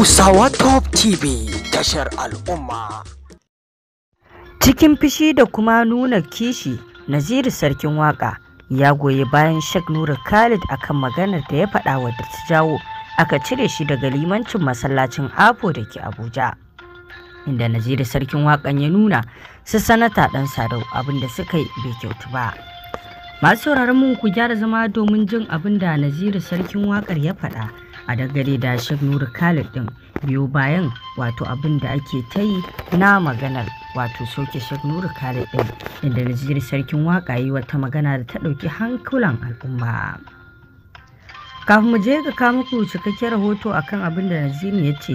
Hausawa Top TV tashar al'umma. Cikin fishi da kuma nuna kishi, Naziru Sarkin Waka ya goyi bayan Sheikh Nura Khalid akan maganar da ya faɗa wa ta jawo aka cire shi daga limancin masallacin Afo da ke Abuja. Inda Naziru Sarkin Wakan ya nuna su sanata ɗan sadau abinda suka yi bai kyautu ba. Masu sauraron mu ku gyara zama domin jin abin da Naziru Sarkin Wakar ya faɗa. a dangane da Sheikh Nuru Khalid din biyo bayan wato abin da ake ta yi na maganar wato soke Sheikh Nuru Khalid din inda Najeriya sarkin waka yi wata magana da ta ɗauki hankulan al'umma. Kafin mu je ga kawo cikakken rahoto akan abin da Najeriya ya ce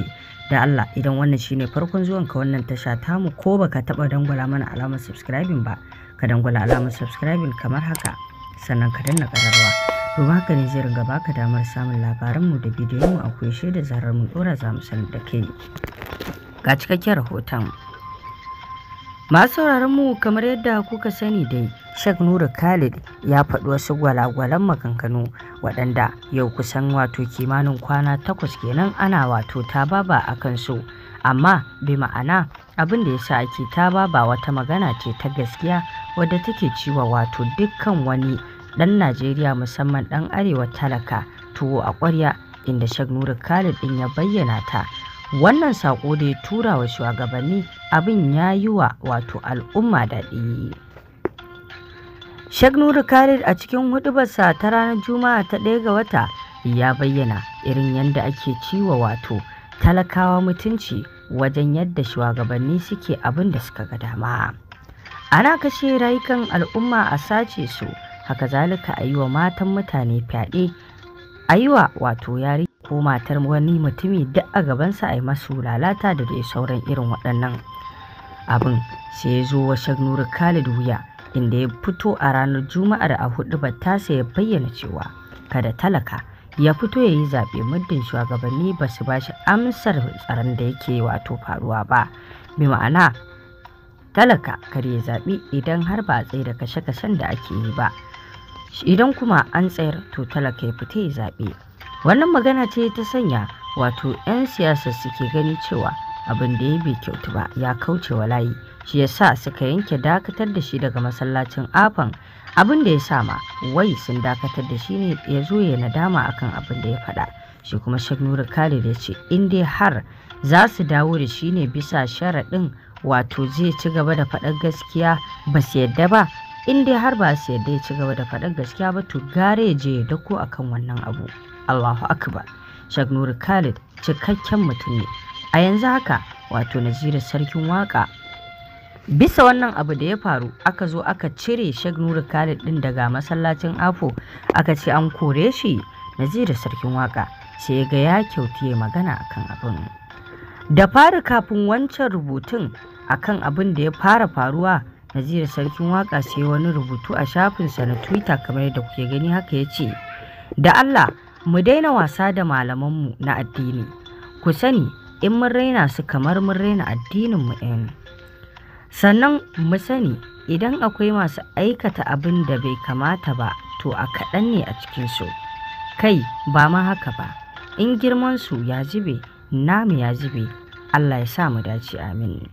da Allah idan wannan shine farkon zuwan ka wannan tasha ta mu ko baka taba dangwala mana alamar subscribing ba ka dangwala alamar subscribing kamar haka sannan ka danna ƙararrawa To haka ne zai baka damar samun labaranmu da bidiyonmu a kunshe da zarar mun dora za mu sanar da kai ga cikakken rahoton masu sauraron mu kamar yadda kuka sani dai Sheikh Nuru Khalid ya faɗi wasu gwalagwalan maganganu waɗanda yau kusan wato kimanin kwana takwas kenan ana wato ta baba a kansu amma bi ma'ana abin da ya sa ake ta baba wata magana ce ta gaskiya wadda take ciwa wato dukkan wani Dan Najeriya musamman dan arewa talaka tuwo a ƙwarya inda Sheikh Nuru Khalid ɗin ya bayyana ta. Wannan saƙo da ya tura wa shugabanni abin ya yi wa wato al'umma daɗi. Sheikh Nuru Khalid a cikin hudubarsa ta ranar Juma'a ta ɗaya ga wata ya bayyana irin yadda ake ciwa wato talakawa mutunci wajen yadda shugabanni suke abin da suka ga dama. Ana kashe rayukan al'umma a sace su haka zalika a yi wa matan mutane fyaɗe a yi wa wato yari ko matar wani mutumi duk a gabansa a yi masu lalata da dai sauran irin waɗannan abin sai ya zo wa shagnuru khalid wuya inda ya fito a ranar juma'ar a hudu sai ya bayyana cewa kada talaka ya fito ya yi zaɓe muddin shugabanni ba su ba shi amsar tsaron da yake wato faruwa ba bi ma'ana talaka kare zaɓi idan har ba a tsaye da kashe-kashen da ake yi ba idan kuma an tsayar to talaka ya fita ya zaɓe wannan magana ce ta sanya wato 'yan siyasa suke gani cewa abin da ya bai kyautu ba ya kauce wa layi shi ya sa suka yanke dakatar da shi daga masallacin afan abin da ya sa ma wai sun dakatar da shi ne ya zo ya nadama akan abin da ya faɗa shi kuma shagnuri kare da ce in dai har za su dawo da shi ne bisa sharaɗin wato zai ci gaba da faɗar gaskiya ba su yadda ba in dai har ba su yadda ya ci gaba da faɗar gaskiya ba to gare ya je ya dako akan wannan abu Allahu akbar Sheikh Nuri Khalid cikakken mutum ne a yanzu haka wato Nazira sarkin waka bisa wannan abu da ya faru aka zo aka cire Sheikh Nuri Khalid din daga masallacin Afo aka ce an kore shi Nazira sarkin waka sai ga ya kyauti magana akan abin da fara kafin wancan rubutun akan abin da ya fara faruwa Nazir sarkin waka sai wani rubutu a shafinsa na Twitter kamar yadda kuke gani haka ya ce, Da Allah mu daina wasa da malamanmu na addini, ku sani in mun raina su kamar mun raina addininmu ɗin. Sannan mu sani idan akwai masu aikata abin da bai kamata ba to a kaɗan ne a cikinsu. Kai ba ma haka ba, in girman su ya zube, namu ya zube, Allah ya sa mu dace amin.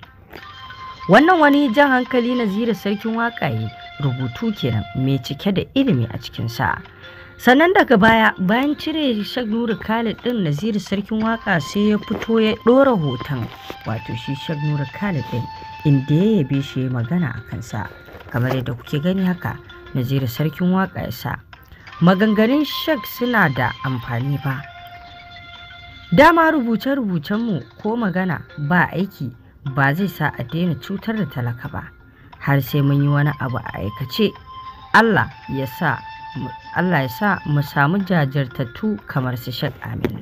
wannan wani jan hankali nazira sarkin waƙaye rubutu kenan mai cike da ilimi a cikinsa sannan daga baya bayan cire shek nuru khalid ɗin zira sarkin waƙa sai ya fito ya ɗora hoton wato shi shek nuru khalid din inda ya yabe shi ya magana a kansa kamar yadda kuke gani haka zira sarkin waka ya sa maganganun shag suna da amfani ba dama rubuce-rubucenmu ko magana ba aiki ba zai sa a daina cutar da talaka ba har sai mun yi wani abu a aikace Allah ya sa mu samu jajirtattu kamar su Sheikh Aminu.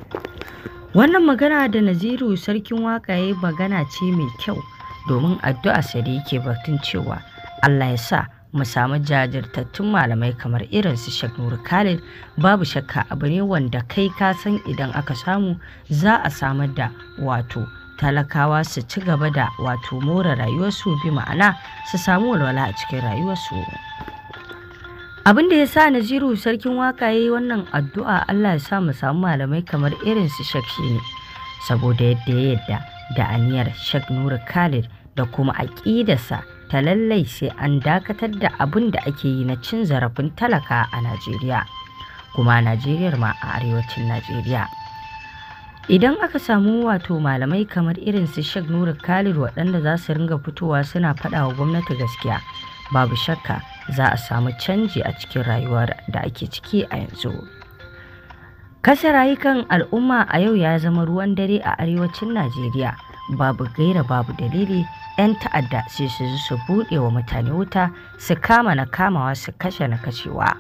Wannan magana da Naziru sarkin waka ya magana ce mai kyau domin addu'a sai da yake batun cewa Allah ya sa mu samu jajirtattun malamai kamar irin su Sheikh Nuru Khalid babu shakka abu ne wanda kai ka san idan aka samu za a samar da wato talakawa su ci gaba da wato more rayuwarsu bi ma'ana su samu walwala a cikin rayuwarsu abin da ya sa naziru sarkin waka ya yi wannan addu'a allah ya sa mu samu malamai kamar irin su shakshi ne saboda yadda ya yadda da aniyar shak nuru khalid da kuma aƙidarsa ta lallai sai an dakatar da abin da ake yi na cin zarafin talaka a najeriya kuma najeriyar ma a arewacin najeriya idan aka samu wato malamai kamar irin su Sheikh Nuru Khalid waɗanda za su ringa fitowa suna faɗa wa gwamnati gaskiya babu shakka za a samu canji a cikin rayuwar da ake ciki a yanzu kasa rayukan al'umma a yau ya zama ruwan dare a arewacin Najeriya babu gaira babu dalili 'yan ta'adda sai su su buɗe wa mutane wuta su kama na kamawa su kashe na kashewa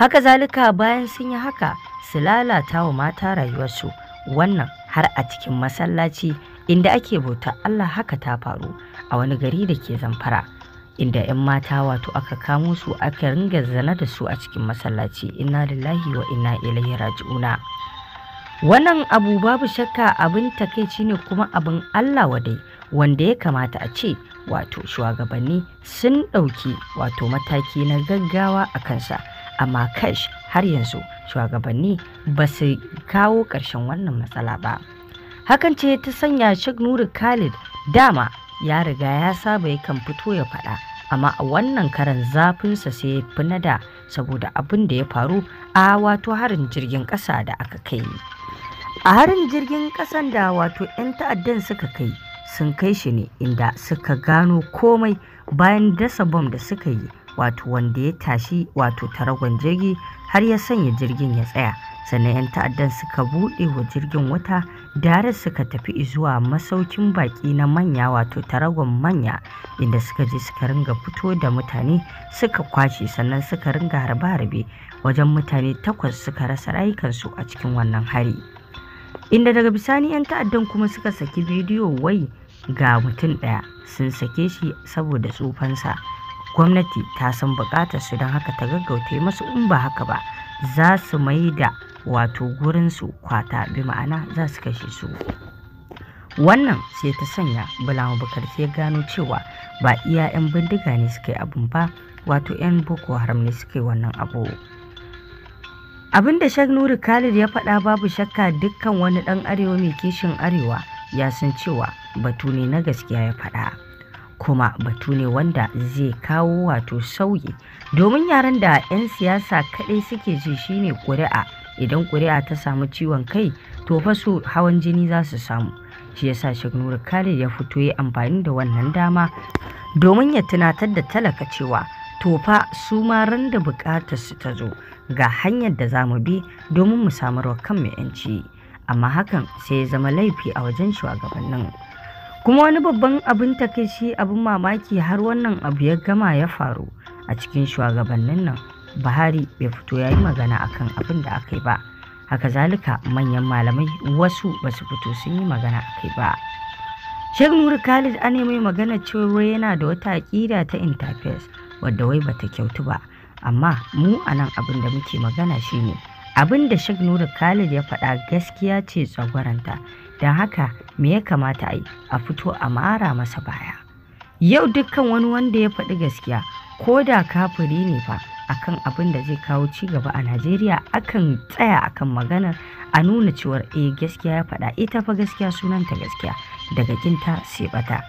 haka zalika bayan sun yi haka su lalata wa mata rayuwarsu wannan har a cikin masallaci inda ake bauta Allah haka ta faru a wani gari da ke zamfara inda 'yan mata wato aka kamo su aka ringa zana da su a cikin masallaci inna lillahi wa inna ilaihi raji'una wannan abu babu shakka abin takaici ne kuma abin Allah wadai wanda ya kamata a ce wato shugabanni sun ɗauki wato mataki na gaggawa a kansa amma kash har yanzu shugabanni ba su kawo ƙarshen wannan matsala ba. Hakan ce ta sanya Sheikh Nuri Khalid dama ya riga ya saba yakan fito ya faɗa amma a wannan karan zafinsa sai ya fi da saboda abin da ya faru a wato harin jirgin ƙasa da aka kai. a harin jirgin kasan da wato 'yan ta'addan suka kai sun kai shi ne inda suka gano komai bayan dasa bom da suka yi wato wanda ya tashi wato taragon jirgi har ya sanya jirgin ya tsaya sannan 'yan ta'addan suka buɗe wa jirgin wata dare suka tafi zuwa masaukin baƙi na manya wato taragon manya inda suka je suka ringa fito da mutane suka kwashe sannan suka ringa harbe-harbe wajen mutane takwas suka rasa rayukansu a cikin wannan hari inda daga bisani 'yan ta'addan kuma suka saki bidiyo wai ga mutum ɗaya sun sake shi saboda tsufansa gwamnati ta san buƙatar su don haka ta gaggauta yi masu in ba haka ba za su mai da wato gurinsu kwata bi ma'ana za su kashe su wannan sai ta sanya bulama bukar sai gano cewa ba iya 'yan bindiga ne suka yi abin ba wato 'yan boko haram ne suka yi wannan abu abin da shak nuri khalid ya faɗa babu shakka dukkan wani ɗan arewa mai kishin arewa ya san cewa batu ne na gaskiya ya faɗa kuma batu ne wanda zai kawo wato sauyi domin yaran da 'yan siyasa kaɗai suke ji shine ƙuri'a idan ƙuri'a ta samu ciwon kai to fa su hawan jini za su samu shi yasa shagnur kare ya fito ya amfani da wannan dama domin ya tunatar da talaka cewa to fa su ma ran da buƙatar su ta zo ga hanyar da za mu bi domin mu samarwa kanmu 'yanci amma hakan sai ya zama laifi a wajen shugabannin. kuma wani babban abin takaici abin mamaki har wannan abu ya gama ya faru a cikin shugabannin nan buhari bai fito ya yi magana akan abin da aka yi ba haka zalika manyan malamai wasu ba su fito sun yi magana yi ba sheikh nuri khalid an mai magana cewa yana da wata aƙida ta interface wadda wai bata kyautu ba amma mu a nan abin da muke magana shine abin da sheikh nuri khalid ya faɗa gaskiya ce tsagwaranta don haka me ya kamata a yi a fito a mara masa baya yau dukkan wani wanda ya faɗi gaskiya ko da kafiri ne fa akan abin da zai kawo ci gaba a najeriya akan tsaya akan maganar a nuna cewar eh gaskiya ya faɗa ita fa gaskiya sunanta gaskiya daga ginta sai bata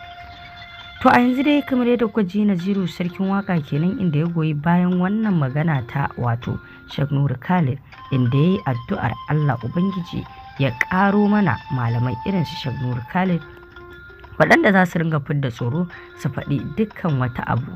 to a yanzu dai kamar yadda kuka ji naziru sarkin waka kenan inda ya goyi bayan wannan magana ta wato shagnur khalid inda ya yi addu'ar allah ubangiji ya ƙaro mana malamai irin su shagnur khalid waɗanda za su ringa fidda tsoro su faɗi dukkan wata abu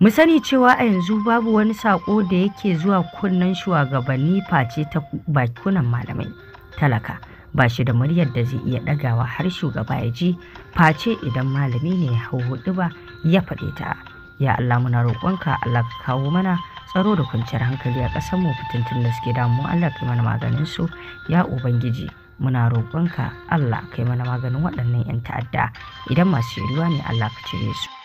mu sani cewa a yanzu babu wani saƙo da yake zuwa kunnen shugabanni face ta bakunan malamai talaka ba shi da muryar da zai iya ɗagawa har shugaba ya ji face idan malami ne ya hau ba ya faɗe ta ya Allah muna roƙonka Allah ka kawo mana tsaro da kwanciyar hankali a ƙasar mu fitintun da suke damu Allah kai mana maganin su ya ubangiji muna roƙonka Allah kai mana maganin waɗannan 'yan ta'adda idan masu yiwuwa ne Allah ka cire su